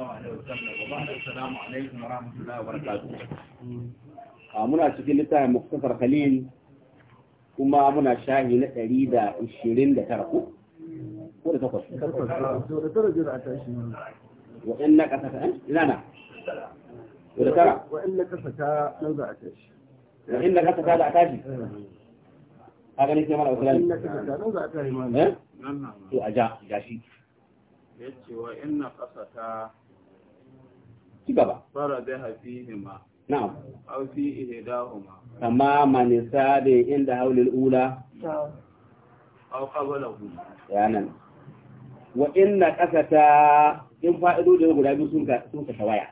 السلام عليكم ورحمه الله وبركاته امنا cikin litafi muktasar khalil kuma muna shahi أنا 129 ko da takwas وانك فتاه لنا وذكر وانك فتاه نزعتش وانك فتاه دعتاش هذا ليس مال اوكلان انك أنا نزعتش إيه؟ نعم نعم تو اجا جاشي يجي وانك فتاه ci gaba farada hafihima na'am aw fi ihdahuma kama manisa da inda haulil ula aw Ya yanan wa inna qasata in da guda biyu sun ka sun ka tawaya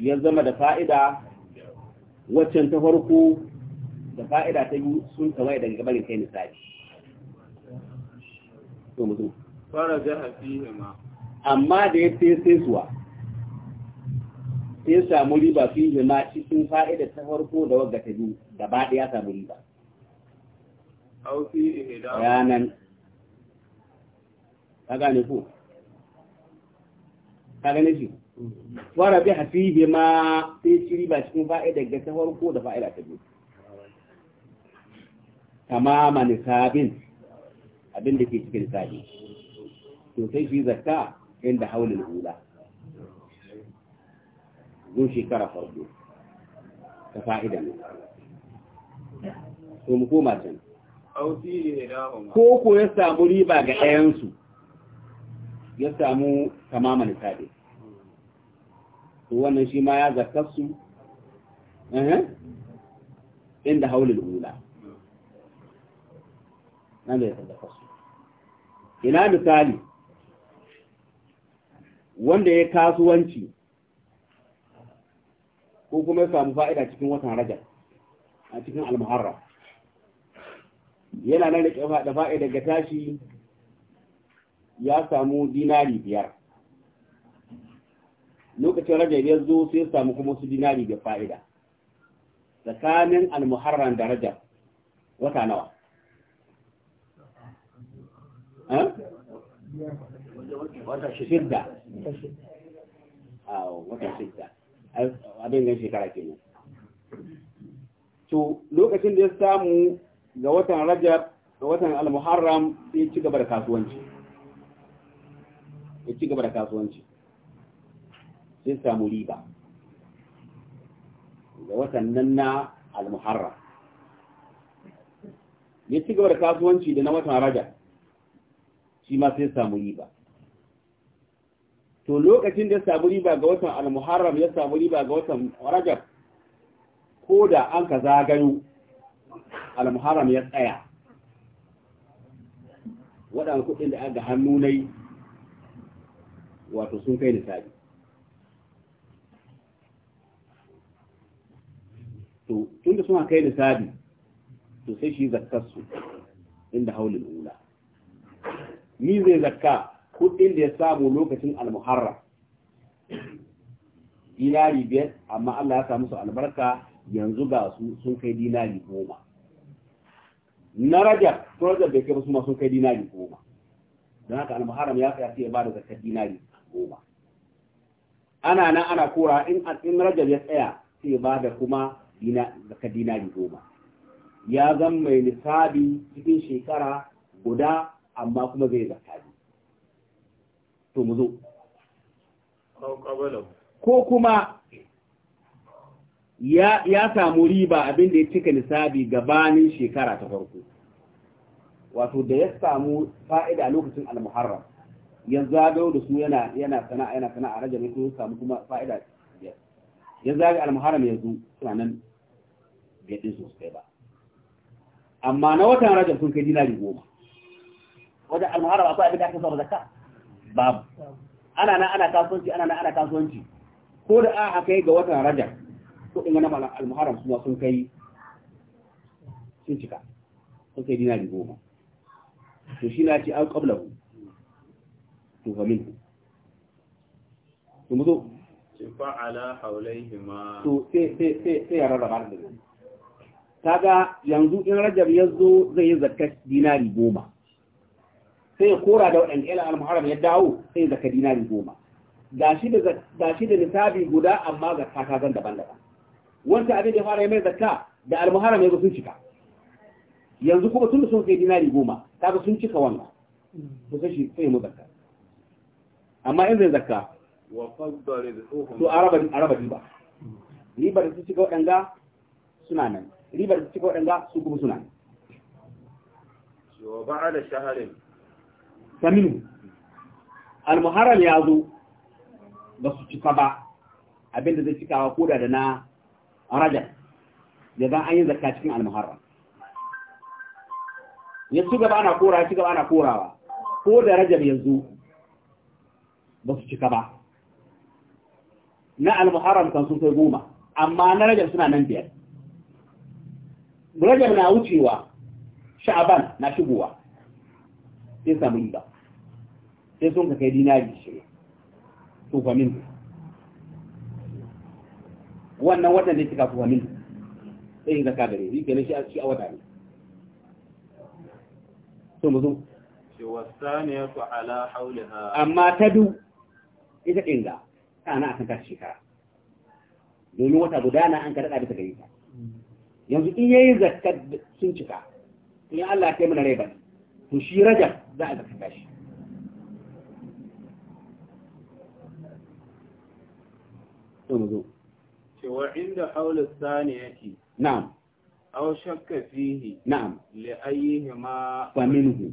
ya zama da fa'ida waccan ta farko da fa'ida ta yi sun tawaya daga gabarin kai misali to mutum fara jaha fihima amma da ya sai sai suwa sai samu riba fi jima cikin fa'ida ta farko da wadda ta biyu ba ɗaya samu riba ranan ka gane ko ka gane shi wara bi hafihi ma sai shi riba cikin fa'ida ga ta farko da fa'ida ta biyu tamama sabin, abin da ke cikin sabi sosai sai shi zakka inda haulin hula zo shekara farko ta fa'ida ne to mu koma can ko ko ya samu riba ga ɗayansu ya samu tamaman taɗe to wannan shi ma ya zartarsu eh, inda haulin hula nan da ya saddafa su ina misali wanda ya kasuwanci ko kuma ya samu fa'ida cikin watan rajar, a cikin almuharram yana nan da fa'ida ga tashi ya samu dinari biyar lokacin rajar ya zo sai ya samu kuma su dinari da fa'ida tsakanin almahara da rajar wata nawa wata shidda a wata shidda abin gan shekara kenan to lokacin da ya samu ga watan rajab ga watan al-muharram sai ci gaba da kasuwanci ya ci gaba da kasuwanci sai samu riba ga watan nan na al-muharram ya ci gaba da kasuwanci da na watan rajab shi ma sai samu riba to lokacin da ya samu riba ga watan al-muharram ya samu riba ga watan rajab ko da an ka zagayo al-muharram ya tsaya waɗanda kuɗin da aka hannu nai wato sun kai nisabi to tunda suna kai nisabi to sai shi zakkarsu inda haulin ula ni zai zakka kudin da ya samu lokacin almuharra dinari biyar amma Allah ya samu su albarka yanzu ga su sun kai dinari goma na raja raja bai kai ba su ma sun kai dinari goma don haka almuharram ya kai ya ba da zakar dinari goma ana nan ana kora in in raja ya tsaya sai ba da kuma dina zakar dinari goma ya zama mai nisabi cikin shekara guda amma kuma zai zakari to mu zo ko kuma ya ya samu riba abinda ya cika nisabi gabanin shekara ta farko wato da ya samu fa'ida lokacin al-muharram ya zagayo da su yana yana sana'a yana sana'a rajab ne ya samu kuma fa'ida ya ga al-muharram yanzu suna nan bai din sosai ba amma na watan rajab sun kai dinari goma wajen al-muharram akwai abin da aka saba zakka babu ana na ana kasuwanci ana na ana kasuwanci ko da aka kai ga watan rajab in na malam almuharram kuma sun kai sun cika sun kai dinari goma to shi na ce an kabla ku to fa min to mutu fa ala haulaihima to sai sai sai sai ya rarraba da kaga yanzu in rajab ya zo zai yi zakat dinari goma sai ya kora da waɗanda ila al-muharram ya dawo sai zaka dinari goma gashi da gashi da nisabi guda amma ga zan daban-daban wanda abin da ya fara yi mai zakka da al-muharram ya sun cika yanzu kuma tun da sun kai dinari goma kaga sun cika wannan to sai shi sai mu zakka amma in zai zakka to araba araba riba riba da su cika waɗanda suna nan riba da su cika waɗanda su kuma suna nan wa ba'ada shaharin saminu almuharram ya zo ba su cika ba abinda zai cikawa koda da na rajar, da zan an yi zaka cikin almuharram ya ci gaba ana kora ci gaba ana korawa ko da ya yanzu ba su cika ba na almuharram kan sun kai goma amma na rajar suna nan biyar Rajar na wucewa sha'aban na shigowa sai samu riba sai sun ka kai dinari shirya to famin wannan watan da kika famin sai in zaka gare shi kenan shi a shi a wata ne to mu zo shi wasaniyatu ala hawliha amma ta du ita kinga a akan ta shekara domin wata gudana an karɗa bisa gare ta mm. yanzu in yayin zakka sun cika in Allah ya kai mana rai to shi raja za a zakata shi to mu zo cewa inda haula sani yake na'am aw shakka fihi na'am li ayyihima fa minhu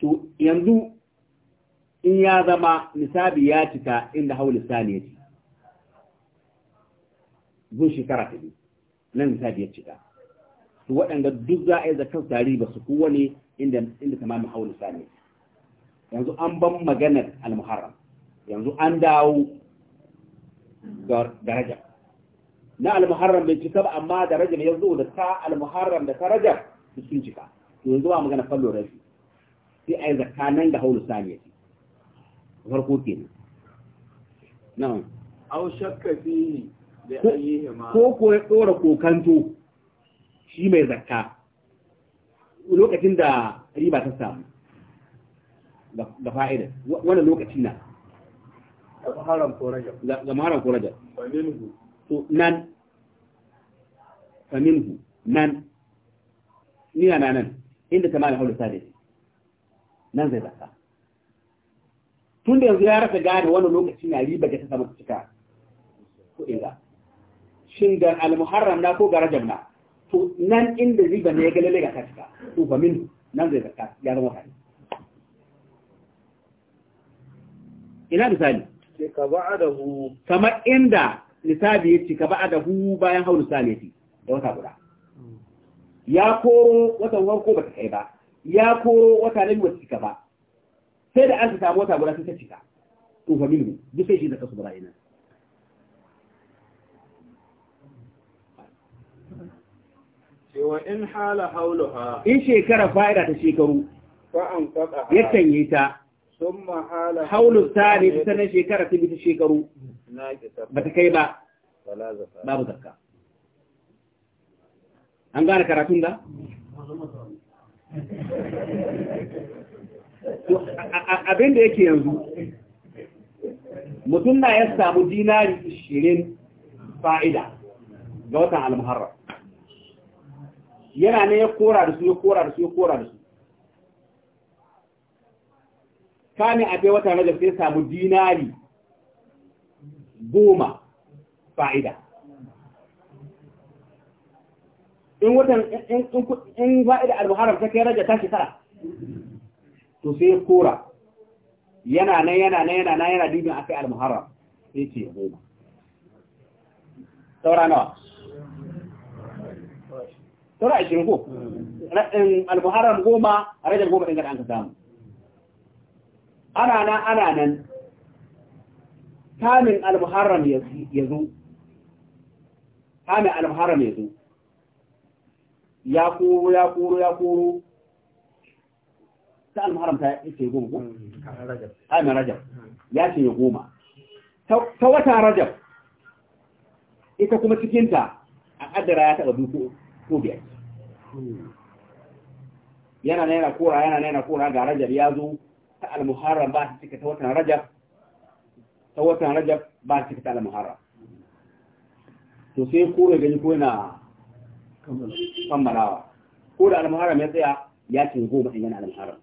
to yanzu in ya zama nisabi ya cika inda haula sani yake zo shekara ta biyu nan nisabi ya cika to waɗanda duk za a yi zakar tari ba su kowane inda inda tamamin haulu sami yanzu an ban maganar almuharram yanzu an dawo ga daraja na almuharram bai cika ba amma daraja ne yanzu da ta almuharram da ta rajab sun cika to yanzu ba magana fallo rafi sai a yi zakka nan da haulu sami farko kenan na'am au shakka fi da ayyihima ko ko ya dora kokanto shi mai zakka lokacin da riba ta samu da fa'ida wannan lokaci na ga maharan korajar rajar nan faminhu nan nina na nan inda ta kamar haulu sadis nan zai zakka tun da yanzu ya rasa gane wannan lokaci na riba da ta samu cika kuɗin ga shin ga al-muharram na ko ga rajab na to nan inda riba ne ya ga lalle ga ka cika to ba min nan zai zakka ya zama fari ina misali ka ba'adahu kamar inda nisabi yace ka ba'adahu bayan haulu salati da wata guda ya koro wata warko ba ta kai ba ya koro wata nabi ba ta cika ba sai da an samu wata guda sai ta cika to fa min duk sai shi da kasu bara ina in hala haulaha in shekara fa'ida ta shekaru ya faqa yakan yi ta summa hala haulu tani ta na shekara ta bi ta shekaru ba ta kai ba babu zakka an gane karatun da abin da yake yanzu mutum na ya samu dinari 20 fa'ida ga watan al yana ne ya kora da su ya kora da su ya kora da su ne a bai watan rajar sai samu dinari goma fa'ida in watan in fa'ida al ta kai rajar ta shekara to sai kora yana nan yana nan yana na, yana dubin a kai muharram sai ce goma saura nawa saura ashirin ko al-muharram goma a rajar goma ɗin da an ka samu ana nan ana nan kamin al-muharram ya zo kamin al-muharram ya zo ya koro ya koro ya kuru ta al-muharram ta ce goma ko kamin rajab ya ce ya goma ta wata rajab ita kuma cikinta a ƙaddara ya taɓa duku ko biyar yana na yana kora yana na yana kora ga rajab ya zo ta al-muharram ba ta cika ta watan rajab ta watan rajab ba ta cika ta al-muharram to sai ko ya gani ko yana kammalawa ko da al-muharram ya tsaya ya ce goma in yana al-muharram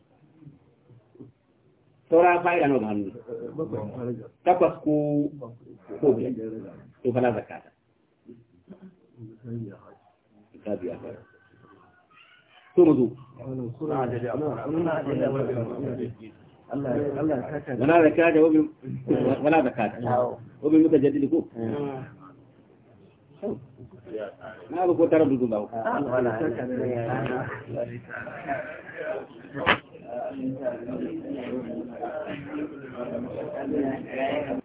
saura fa'ida nawa ga hannu takwas ko ko biyar to fa na zakata ta biya baya to mu zo ولا زكاة وبن ولا زكاة وبن ما بكو تردد له Thank you.